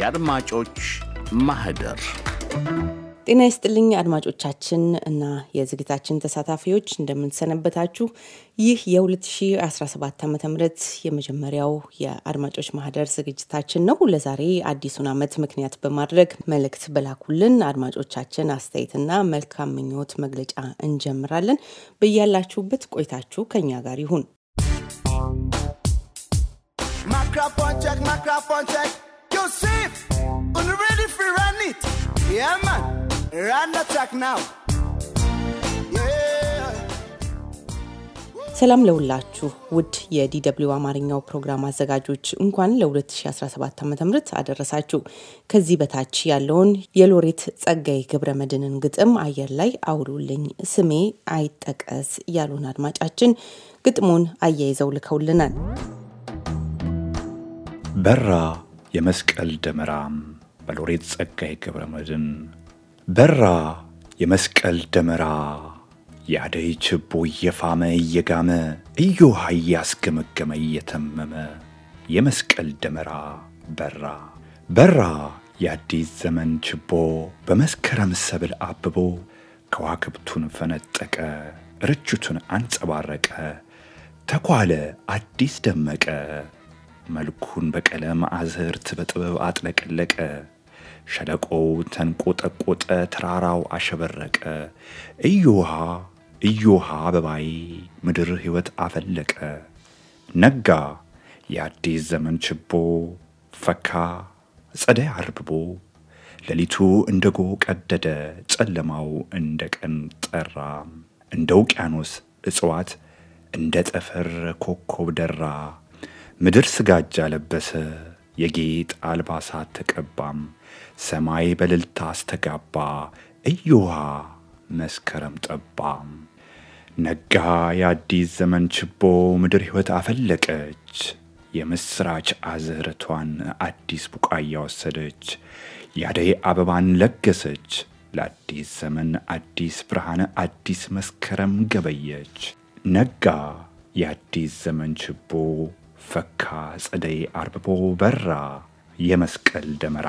የአድማጮች ማህደር ጤና ይስጥልኝ አድማጮቻችን እና የዝግታችን ተሳታፊዎች እንደምንሰነበታችሁ። ይህ የ2017 ዓ ም የመጀመሪያው የአድማጮች ማህደር ዝግጅታችን ነው። ለዛሬ አዲሱን ዓመት ምክንያት በማድረግ መልእክት በላኩልን አድማጮቻችን አስተያየትና መልካም ምኞት መግለጫ እንጀምራለን። በያላችሁበት ቆይታችሁ ከኛ ጋር ይሁን። ማይክሮፎን ቼክ for run it. Yeah, man. Run the track now. ሰላም ለውላችሁ ውድ የዲደብሊው አማርኛው ፕሮግራም አዘጋጆች እንኳን ለ2017 ዓ ም አደረሳችሁ። ከዚህ በታች ያለውን የሎሬት ጸጋይ ግብረ መድንን ግጥም አየር ላይ አውሉልኝ ስሜ አይጠቀስ ያሉን አድማጫችን ግጥሙን አያይዘው ልከውልናል። በራ የመስቀል ደመራም በሎሬት ጸጋዬ ገብረ መድን በራ የመስቀል ደመራ የአደይ ችቦ እየፋመ እየጋመ እዮሃ እያስገመገመ እየተመመ የመስቀል ደመራ በራ በራ የአዲስ ዘመን ችቦ በመስከረም ሰብል አብቦ ከዋክብቱን ፈነጠቀ ርችቱን አንጸባረቀ ተኳለ አዲስ ደመቀ መልኩን በቀለም አዝርት በጥበብ አጥለቀለቀ። ሸለቆው ተንቆጠቆጠ፣ ተራራው አሸበረቀ። እዮሃ እዮሃ በባይ ምድር ሕይወት አፈለቀ። ነጋ የአዲስ ዘመን ችቦ ፈካ ጸደይ አርብቦ ሌሊቱ እንደ ጎ ቀደደ፣ ጨለማው እንደ ቀን ጠራ። እንደ ውቅያኖስ እጽዋት እንደ ጠፈር ኮከብ ደራ። ምድር ስጋጃ ለበሰ፣ የጌጥ አልባሳት ተቀባም፣ ሰማይ በልልታ አስተጋባ፣ እዮሃ መስከረም ጠባም። ነጋ የአዲስ ዘመን ችቦ፣ ምድር ሕይወት አፈለቀች፣ የምሥራች አዝርቷን አዲስ ቡቃያ ወሰደች፣ ያደይ አበባን ለገሰች፣ ለአዲስ ዘመን አዲስ ብርሃን አዲስ መስከረም ገበየች። ነጋ የአዲስ ዘመን ችቦ ፈካ ጸደይ አርብቦ በራ የመስቀል ደመራ።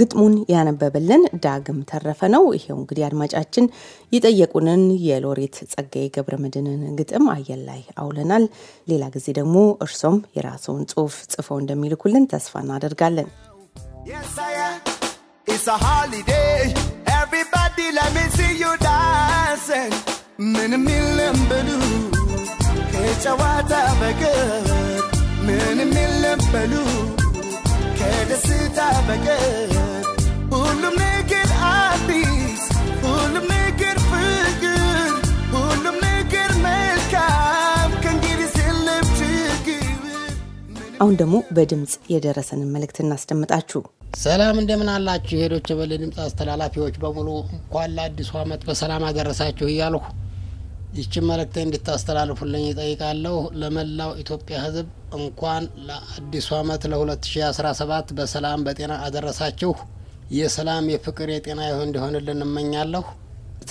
ግጥሙን ያነበበልን ዳግም ተረፈ ነው። ይሄው እንግዲህ አድማጫችን የጠየቁንን የሎሬት ጸጋዬ ገብረ መድኅንን ግጥም አየር ላይ አውለናል። ሌላ ጊዜ ደግሞ እርሶም የራስዎን ጽሑፍ ጽፈው እንደሚልኩልን ተስፋ እናደርጋለን። ምንም የለም ከጨዋታ በቀር ምንም የለም በሉ ከደስታ በቀር ሁሉም ነገር አዲስ፣ ሁሉም ነገር ፍቅር፣ ሁሉም ነገር መልካም ከእንግዲህ የለም ችግር። አሁን ደግሞ በድምፅ የደረሰንን መልእክት እናስደምጣችሁ። ሰላም እንደምን አላችሁ? የዶይቼ ቬለ ድምፅ አስተላላፊዎች በሙሉ እንኳን ለአዲሱ ዓመት በሰላም አደረሳችሁ እያልሁ ይችን መልእክቴ እንድታስተላልፉልኝ ይጠይቃለሁ። ለመላው ኢትዮጵያ ሕዝብ እንኳን ለአዲሱ ዓመት ለ2017 በሰላም በጤና አደረሳችሁ። የሰላም የፍቅር፣ የጤና ይሁን እንዲሆንልን እመኛለሁ።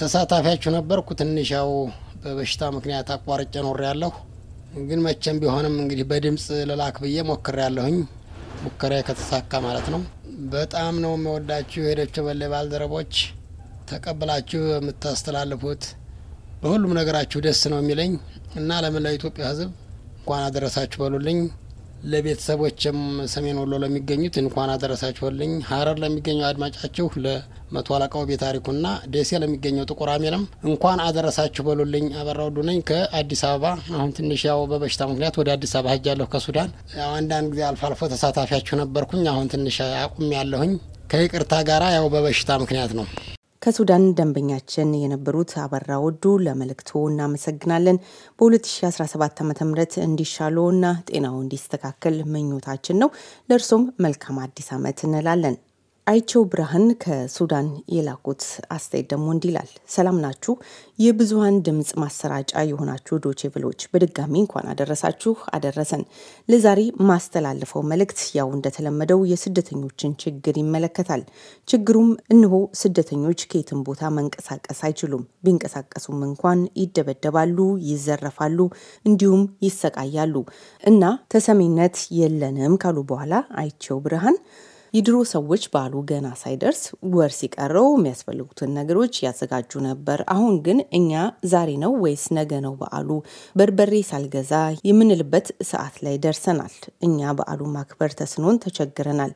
ተሳታፊያችሁ ነበርኩ። ትንሽ ያው በበሽታ ምክንያት አቋርጬ ኖሬ ያለሁ ግን መቼም ቢሆንም እንግዲህ በድምፅ ልላክ ብዬ ሞክሬ ያለሁኝ ሙከራ ከተሳካ ማለት ነው። በጣም ነው የሚወዳችሁ የሄደች በሌ ባልደረቦች ተቀብላችሁ የምታስተላልፉት በሁሉም ነገራችሁ ደስ ነው የሚለኝ እና ለመላው ኢትዮጵያ ህዝብ እንኳን አደረሳችሁ በሉልኝ። ለቤተሰቦችም ሰሜን ወሎ ለሚገኙት እንኳን አደረሳችሁ በሉልኝ። ሀረር ለሚገኘው አድማጫችሁ ለመቶ አለቃው ቤታሪኩና ደሴ ለሚገኘው ጥቁር አሜንም እንኳን አደረሳችሁ በሉልኝ። አበራው ዱ ነኝ ከአዲስ አበባ። አሁን ትንሽ ያው በበሽታ ምክንያት ወደ አዲስ አበባ ሄጃለሁ ከሱዳን። ያው አንዳንድ ጊዜ አልፎ አልፎ ተሳታፊያችሁ ነበርኩኝ። አሁን ትንሽ አቁም ያለሁኝ ከይቅርታ ጋራ ያው በበሽታ ምክንያት ነው። ከሱዳን ደንበኛችን የነበሩት አበራ ወዱ ለመልእክቶ እናመሰግናለን። በ2017 ዓ ም እና ጤናው እንዲስተካከል ምኞታችን ነው። ለእርሶም መልካም አዲስ ዓመት እንላለን። አይቸው ብርሃን ከሱዳን የላኩት አስተያየት ደግሞ እንዲህ ይላል። ሰላም ናችሁ? የብዙሀን ድምፅ ማሰራጫ የሆናችሁ ዶቼቬሎች በድጋሚ እንኳን አደረሳችሁ አደረሰን። ለዛሬ ማስተላልፈው መልእክት ያው እንደተለመደው የስደተኞችን ችግር ይመለከታል። ችግሩም እንሆ ስደተኞች ከየትም ቦታ መንቀሳቀስ አይችሉም። ቢንቀሳቀሱም እንኳን ይደበደባሉ፣ ይዘረፋሉ፣ እንዲሁም ይሰቃያሉ እና ተሰሚነት የለንም ካሉ በኋላ አይቸው ብርሃን የድሮ ሰዎች በዓሉ ገና ሳይደርስ ወር ሲቀረው የሚያስፈልጉትን ነገሮች ያዘጋጁ ነበር። አሁን ግን እኛ ዛሬ ነው ወይስ ነገ ነው በዓሉ በርበሬ ሳልገዛ የምንልበት ሰዓት ላይ ደርሰናል። እኛ በዓሉን ማክበር ተስኖን ተቸግረናል።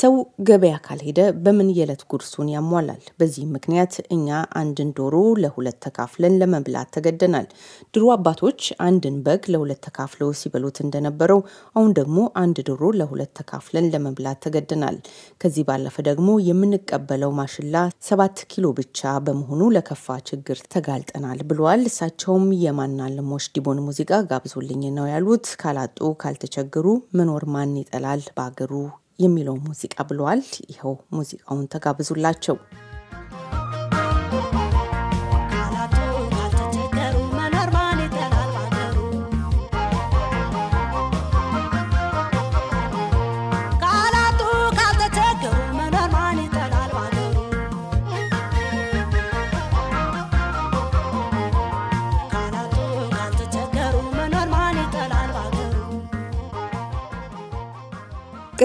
ሰው ገበያ ካልሄደ በምን የዕለት ጉርሱን ያሟላል? በዚህ ምክንያት እኛ አንድን ዶሮ ለሁለት ተካፍለን ለመብላት ተገደናል። ድሮ አባቶች አንድን በግ ለሁለት ተካፍለው ሲበሉት እንደነበረው አሁን ደግሞ አንድ ዶሮ ለሁለት ተካፍለን ለመብላት ተገደናል። ከዚህ ባለፈ ደግሞ የምንቀበለው ማሽላ ሰባት ኪሎ ብቻ በመሆኑ ለከፋ ችግር ተጋልጠናል ብለዋል። እሳቸውም የማናልሞሽ ዲቦን ሙዚቃ ጋብዞልኝ ነው ያሉት። ካላጡ ካልተቸገሩ መኖር ማን ይጠላል በአገሩ የሚለው ሙዚቃ ብለዋል። ይኸው ሙዚቃውን ተጋብዙላቸው።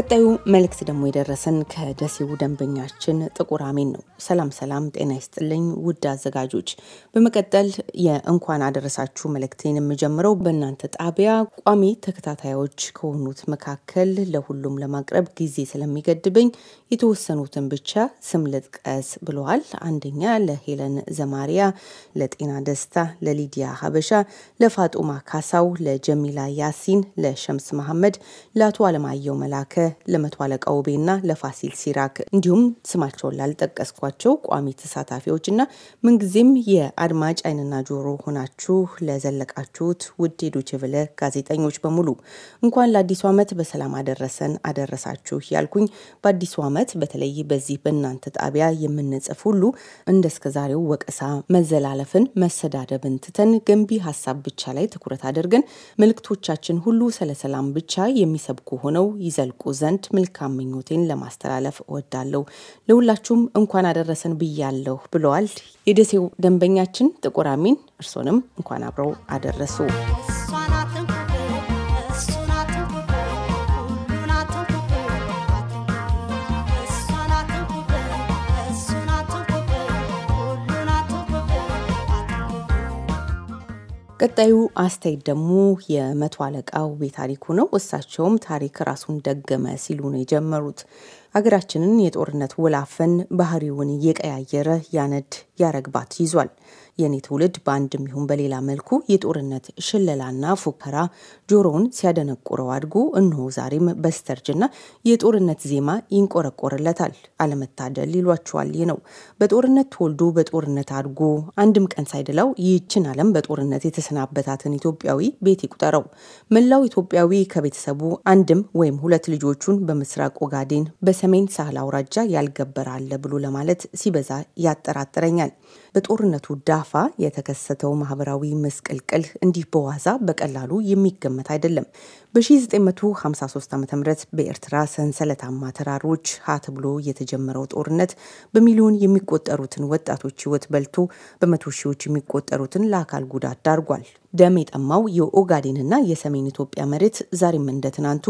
ቀጣዩ መልእክት ደግሞ የደረሰን ከደሴው ደንበኛችን ጥቁር አሜን ነው። ሰላም ሰላም፣ ጤና ይስጥልኝ ውድ አዘጋጆች። በመቀጠል የእንኳን አደረሳችሁ መልእክቴን የምጀምረው በእናንተ ጣቢያ ቋሚ ተከታታዮች ከሆኑት መካከል ለሁሉም ለማቅረብ ጊዜ ስለሚገድበኝ የተወሰኑትን ብቻ ስም ልጥቀስ ብለዋል። አንደኛ ለሄለን ዘማሪያ፣ ለጤና ደስታ፣ ለሊዲያ ሀበሻ፣ ለፋጡማ ካሳው፣ ለጀሚላ ያሲን፣ ለሸምስ መሐመድ፣ ለአቶ አለማየሁ መላከ ለመቶ አለቃ ውቤና ለፋሲል ሲራክ እንዲሁም ስማቸውን ላልጠቀስኳቸው ቋሚ ተሳታፊዎችና ምንጊዜም የአድማጭ አይንና ጆሮ ሆናችሁ ለዘለቃችሁት ውድ የዶይቼ ጋዜጠኞች በሙሉ እንኳን ለአዲሱ ዓመት በሰላም አደረሰን አደረሳችሁ ያልኩኝ በአዲሱ ዓመት በተለይ በዚህ በእናንተ ጣቢያ የምንጽፍ ሁሉ እንደ እስከዛሬው ወቀሳ፣ መዘላለፍን፣ መሰዳደብን ትተን ገንቢ ሀሳብ ብቻ ላይ ትኩረት አድርገን መልእክቶቻችን ሁሉ ስለሰላም ብቻ የሚሰብኩ ሆነው ይዘልቁ ዘንድ ዘንድ መልካም ምኞቴን ለማስተላለፍ እወዳለሁ። ለሁላችሁም እንኳን አደረሰን ብያለሁ ብለዋል የደሴው ደንበኛችን ጥቁር አሚን። እርሶንም እንኳን አብረው አደረሱ። ቀጣዩ አስተያየት ደግሞ የመቶ ውቤ ታሪኩ ነው። እሳቸውም ታሪክ ራሱን ደገመ ሲሉ ነው የጀመሩት። አገራችንን የጦርነት ወላፈን ባህሪውን እየቀያየረ ያነድ ያረግባት ይዟል። የኔ ትውልድ በአንድም ይሁን በሌላ መልኩ የጦርነት ሽለላና ፉከራ ጆሮውን ሲያደነቁረው አድጎ እንሆ ዛሬም በስተርጅና የጦርነት ዜማ ይንቆረቆርለታል። አለመታደል ይሏቸዋል ነው። በጦርነት ተወልዶ በጦርነት አድጎ አንድም ቀን ሳይደላው ይህችን ዓለም በጦርነት የተሰናበታትን ኢትዮጵያዊ ቤት ይቁጠረው። መላው ኢትዮጵያዊ ከቤተሰቡ አንድም ወይም ሁለት ልጆቹን በምስራቅ ኦጋዴን በሰሜን ሳህል አውራጃ ያልገበረ አለ ብሎ ለማለት ሲበዛ ያጠራጥረኛል። በጦርነቱ ዳፋ የተከሰተው ማህበራዊ ምስቅልቅል እንዲህ በዋዛ በቀላሉ የሚገመት አይደለም። በ1953 ዓ ም በኤርትራ ሰንሰለታማ ተራሮች ሀ ተብሎ የተጀመረው ጦርነት በሚሊዮን የሚቆጠሩትን ወጣቶች ህይወት በልቶ በመቶ ሺዎች የሚቆጠሩትን ለአካል ጉዳት ዳርጓል። ደም የጠማው የኦጋዴንና የሰሜን ኢትዮጵያ መሬት ዛሬም እንደ ትናንቱ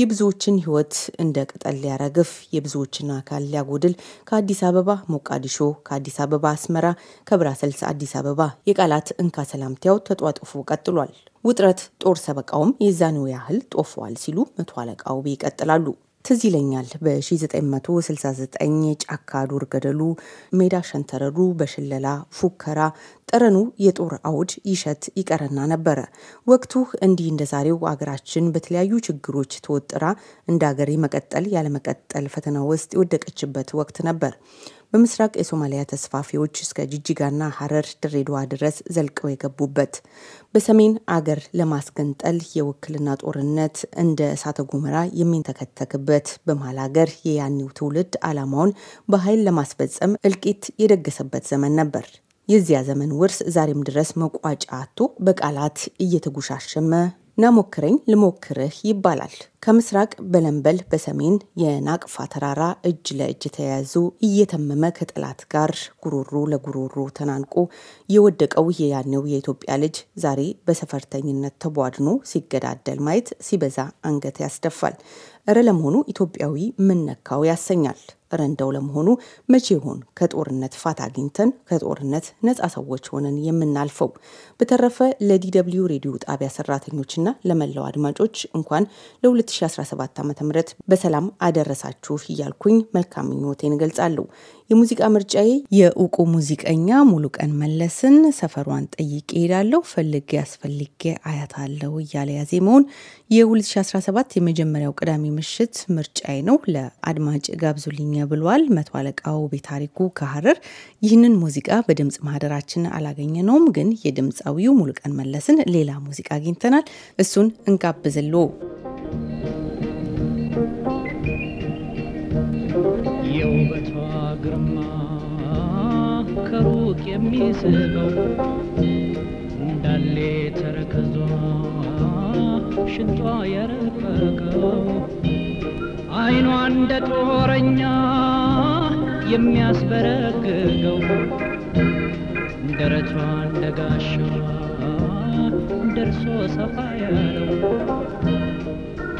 የብዙዎችን ህይወት እንደ ቅጠል ሊያረግፍ የብዙዎችን አካል ሊያጎድል ከአዲስ አበባ ሞቃዲሾ፣ ከአዲስ አበባ አስመራ ከብራሰልስ አዲስ አበባ የቃላት እንካ ሰላምታው ተጧጥፎ ቀጥሏል። ውጥረት ጦር ሰበቃውም የዛኑ ያህል ጦፏል ሲሉ መቶ አለቃው ይቀጥላሉ። ትዝ ይለኛል በ1969 ጫካ ዱር ገደሉ፣ ሜዳ ሸንተረሩ በሽለላ ፉከራ ጠረኑ የጦር አውድ ይሸት ይቀረና ነበረ። ወቅቱ እንዲህ እንደዛሬው አገራችን በተለያዩ ችግሮች ተወጥራ እንደ አገር መቀጠል ያለመቀጠል ፈተና ውስጥ የወደቀችበት ወቅት ነበር። በምስራቅ የሶማሊያ ተስፋፊዎች እስከ ጅጅጋና ሀረር ድሬዳዋ ድረስ ዘልቀው የገቡበት በሰሜን አገር ለማስገንጠል የውክልና ጦርነት እንደ እሳተ ጎመራ የሚንተከተክበት በመሀል አገር የያኔው ትውልድ አላማውን በኃይል ለማስፈጸም እልቂት የደገሰበት ዘመን ነበር። የዚያ ዘመን ውርስ ዛሬም ድረስ መቋጫ አቶ በቃላት እየተጎሻሸመ ናሞክረኝ ልሞክርህ ይባላል። ከምስራቅ በለንበል በሰሜን የናቅፋ ተራራ እጅ ለእጅ ተያያዙ እየተመመ ከጠላት ጋር ጉሮሮ ለጉሮሮ ተናንቆ የወደቀው የያኔው የኢትዮጵያ ልጅ ዛሬ በሰፈርተኝነት ተቧድኖ ሲገዳደል ማየት ሲበዛ አንገት ያስደፋል። እረ ለመሆኑ ኢትዮጵያዊ ምነካው ያሰኛል። ረንዳው ለመሆኑ መቼ ይሆን ከጦርነት ፋታ አግኝተን ከጦርነት ነፃ ሰዎች ሆነን የምናልፈው? በተረፈ ለዲደብልዩ ሬዲዮ ጣቢያ ሰራተኞችና ለመላው አድማጮች እንኳን ለ2017 ዓ ም በሰላም አደረሳችሁ እያልኩኝ መልካም ምኞቴን እገልጻለሁ። የሙዚቃ ምርጫዬ የእውቁ ሙዚቀኛ ሙሉቀን መለስን ሰፈሯን ጠይቄ ሄዳለሁ ፈልጌ አስፈልጌ አያታለሁ እያለ ያዜመውን የ2017 የመጀመሪያው ቅዳሜ ምሽት ምርጫዬ ነው። ለአድማጭ ጋብዙልኛ ብሏል መቶ አለቃው ቤታሪኩ ከሀረር። ይህንን ሙዚቃ በድምፅ ማህደራችን አላገኘ ነውም ግን የድምፃዊው ሙሉቀን መለስን ሌላ ሙዚቃ አግኝተናል። እሱን እንጋብዝሎ የውበቷ ግርማ ከሩቅ የሚስበው እንዳሌ ተረከዟ ሽንጧ የረቀቀው አይኗ እንደ ጦረኛ የሚያስበረግገው ደረቷ እንደ ጋሻ ደርሶ ሰፋ ያለው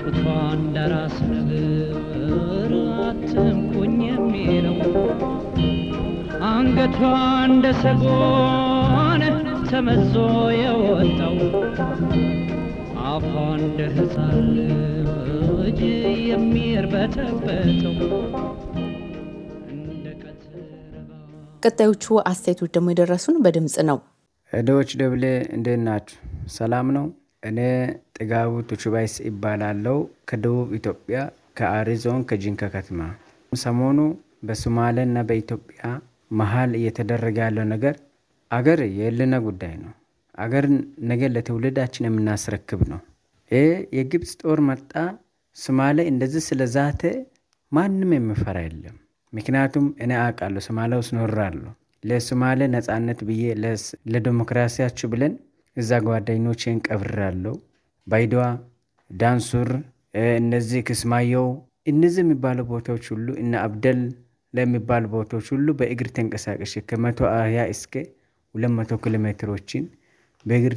ጡቷ እንደ ራስ ነብር አትንኩኝ የሚለው አንገቷ እንደ ሰጎን ተመዞ የወጣው አፏ እንደ ሕፃን ልጅ የሚርበተበተው ቀጣዮቹ አስተያየቶች ደግሞ የደረሱን በድምፅ ነው። እዶች ደብሌ እንዴት ናችሁ? ሰላም ነው። እኔ ጥጋቡ ቱቹባይስ ይባላለው ከደቡብ ኢትዮጵያ ከአሪዞን ከጂንከ ከተማ። ሰሞኑ በሶማሌ በሶማሌና በኢትዮጵያ መሀል እየተደረገ ያለው ነገር አገር የህሊና ጉዳይ ነው። አገርን ነገ ለትውልዳችን የምናስረክብ ነው። የግብፅ ጦር መጣ ሶማሌ እንደዚህ ስለ ዛተ ማንም የምፈራ የለም። ምክንያቱም እኔ አውቃለሁ፣ ሶማሌ ውስጥ ኖራለሁ። ለሶማሌ ነፃነት ብዬ ለዲሞክራሲያችሁ ብለን እዛ ጓደኞቼን ቀብራለሁ። ባይደዋ፣ ዳንሱር፣ እነዚህ ክስማየው እነዚህ የሚባሉ ቦታዎች ሁሉ እነ አብደል ለሚባሉ ቦታዎች ሁሉ በእግር ተንቀሳቀሽ ከመቶ አህያ እስከ ሁለት መቶ ኪሎ ሜትሮችን በእግር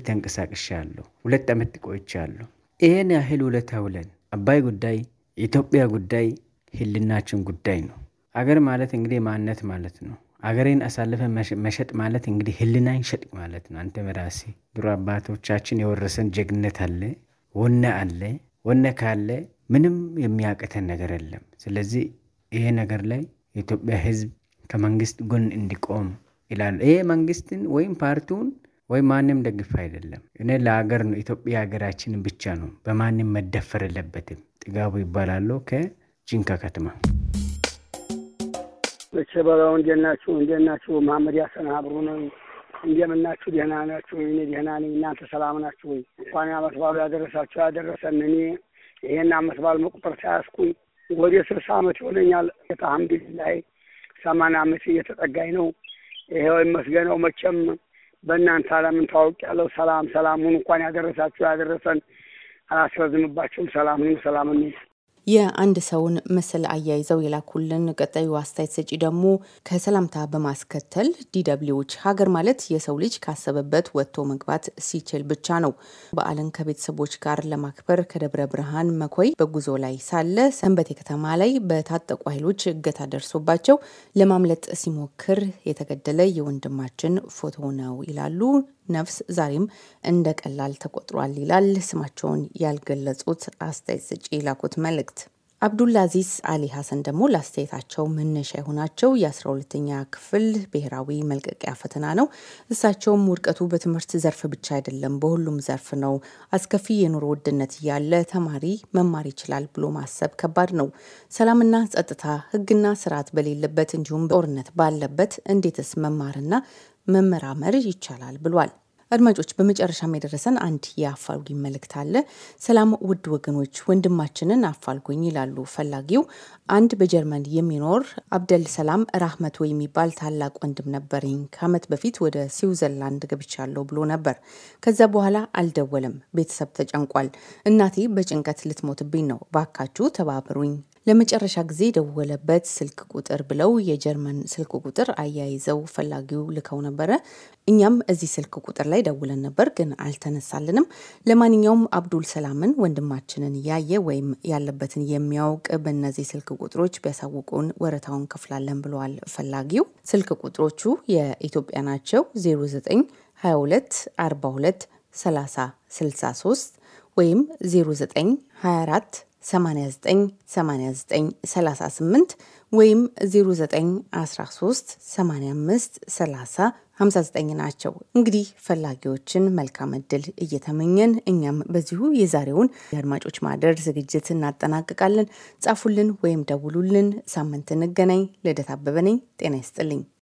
ያለሁ ሁለት ዓመት ያለሁ ይህን ያህል ውለታ ውለን አባይ ጉዳይ፣ የኢትዮጵያ ጉዳይ ህልናችን ጉዳይ ነው። አገር ማለት እንግዲህ ማንነት ማለት ነው። አገሬን አሳልፈ መሸጥ ማለት እንግዲህ ህልናን ሸጥ ማለት ነው። አንተ መራሴ ድሮ አባቶቻችን የወረሰን ጀግነት አለ፣ ወነ አለ። ወነ ካለ ምንም የሚያቅተን ነገር የለም። ስለዚህ ይሄ ነገር ላይ የኢትዮጵያ ህዝብ ከመንግስት ጎን እንዲቆም ይላሉ። ይሄ መንግስትን ወይም ፓርቲውን ወይም ማንም ደግፍ አይደለም። እኔ ለሀገር ነው ኢትዮጵያ ሀገራችን ብቻ ነው በማንም መደፈር የለበትም። ጥጋቡ ይባላሉ ከጂንካ ከተማ። እቸበራው እንዴት ናችሁ? እንዴት ናችሁ? መሀመድ ያሰን ሀብሩ ነው። እንደምናችሁ ደህና ናችሁ? እኔ ደህና ነኝ። እናንተ ሰላም ናችሁ ወይ? እንኳን የዓመት በዓሉ ያደረሳችሁ ያደረሰን። እኔ ይሄን ዓመት በዓል መቁጠር ሳያስኩኝ ወደ ስልሳ ዓመት ይሆነኛል። ጌታ ሰማንያ ዓመት እየተጠጋኝ ነው። ይሄው ይመስገነው መቼም በእናንተ አለምን ታወቅ ያለው ሰላም ሰላሙን እንኳን ያደረሳችሁ ያደረሰን አላስረዝምባችሁም። ሰላም ሁኑ። ሰላም የአንድ ሰውን ምስል አያይዘው የላኩልን ቀጣዩ አስተያየት ሰጪ ደግሞ ከሰላምታ በማስከተል ዲደብሊዎች ሀገር ማለት የሰው ልጅ ካሰበበት ወጥቶ መግባት ሲችል ብቻ ነው። በዓልን ከቤተሰቦች ጋር ለማክበር ከደብረ ብርሃን መኮይ በጉዞ ላይ ሳለ ሰንበቴ ከተማ ላይ በታጠቁ ኃይሎች እገታ ደርሶባቸው ለማምለጥ ሲሞክር የተገደለ የወንድማችን ፎቶ ነው ይላሉ። ነፍስ ዛሬም እንደ ቀላል ተቆጥሯል ይላል ስማቸውን ያልገለጹት አስተያየት ሰጪ የላኩት መልእክት። አብዱልአዚዝ አሊ ሀሰን ደግሞ ለአስተያየታቸው መነሻ የሆናቸው የ12ተኛ ክፍል ብሔራዊ መልቀቂያ ፈተና ነው። እሳቸውም ውድቀቱ በትምህርት ዘርፍ ብቻ አይደለም፣ በሁሉም ዘርፍ ነው። አስከፊ የኑሮ ውድነት እያለ ተማሪ መማር ይችላል ብሎ ማሰብ ከባድ ነው። ሰላምና ጸጥታ፣ ህግና ስርዓት በሌለበት እንዲሁም ጦርነት ባለበት እንዴትስ መማርና መመራመር ይቻላል ብሏል። አድማጮች በመጨረሻም የደረሰን አንድ የአፋልጉኝ መልእክት አለ። ሰላም ውድ ወገኖች፣ ወንድማችንን አፋልጉኝ ይላሉ ፈላጊው። አንድ በጀርመን የሚኖር አብደል ሰላም ራህመቶ የሚባል ታላቅ ወንድም ነበርኝ። ከዓመት በፊት ወደ ስዊዘርላንድ ገብቻለሁ ብሎ ነበር። ከዛ በኋላ አልደወለም። ቤተሰብ ተጨንቋል። እናቴ በጭንቀት ልትሞትብኝ ነው። ባካችሁ ተባብሩኝ ለመጨረሻ ጊዜ የደወለበት ስልክ ቁጥር ብለው የጀርመን ስልክ ቁጥር አያይዘው ፈላጊው ልከው ነበረ። እኛም እዚህ ስልክ ቁጥር ላይ ደውለን ነበር፣ ግን አልተነሳልንም። ለማንኛውም አብዱል ሰላምን ወንድማችንን ያየ ወይም ያለበትን የሚያውቅ በእነዚህ ስልክ ቁጥሮች ቢያሳውቁን ወረታውን ከፍላለን ብለዋል ፈላጊው። ስልክ ቁጥሮቹ የኢትዮጵያ ናቸው 09 22 42 30 63 ወይም 09 24 89 ወይም 0913 59 ናቸው። እንግዲህ ፈላጊዎችን መልካም እድል እየተመኘን እኛም በዚሁ የዛሬውን የአድማጮች ማደር ዝግጅት እናጠናቅቃለን። ጻፉልን ወይም ደውሉልን። ሳምንት እንገናኝ። ልደት አበበ ነኝ። ጤና ይስጥልኝ።